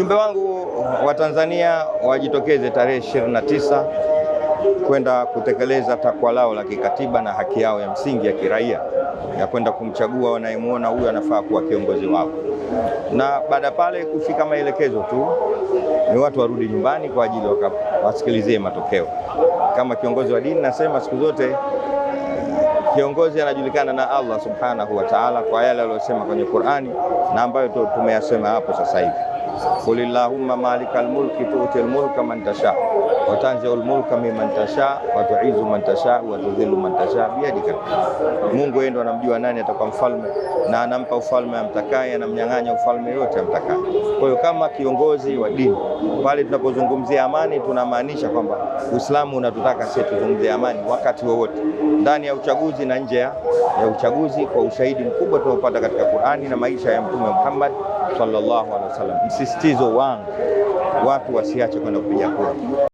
Ujumbe wangu wa Tanzania wajitokeze tarehe ishirini na tisa kwenda kutekeleza takwa lao la kikatiba na haki yao ya msingi ya kiraia ya kwenda kumchagua wanayemwona huyu anafaa kuwa kiongozi wao, na baada pale kufika maelekezo tu ni watu warudi nyumbani kwa ajili wasikilizie matokeo. Kama kiongozi wa dini, nasema siku zote kiongozi anajulikana na Allah subhanahu wa ta'ala, kwa yale aliyosema kwenye Qur'ani na ambayo tumeyasema hapo sasa hivi kulillahumma malikal mulki tu'til mulka man tasha wa tanzi'ul mulka mimman tasha wa tu'izzu man tasha wa tudhillu man tasha biyadika. Mungu yeye ndo anamjua nani atakuwa mfalme na anampa ufalme amtakaye, anamnyang'anya ufalme yote amtakaye. Kwa hiyo kama kiongozi wa dini, pale tunapozungumzia amani, tunamaanisha kwamba Uislamu unatutaka sisi tuzungumzie amani wakati wowote, ndani ya uchaguzi na nje ya uchaguzi, kwa ushahidi mkubwa tunaopata katika Qur'ani na maisha ya Mtume Muhammad sallallahu alaihi wasallam msisitizo wangu watu wasiache kwenda kupiga kura.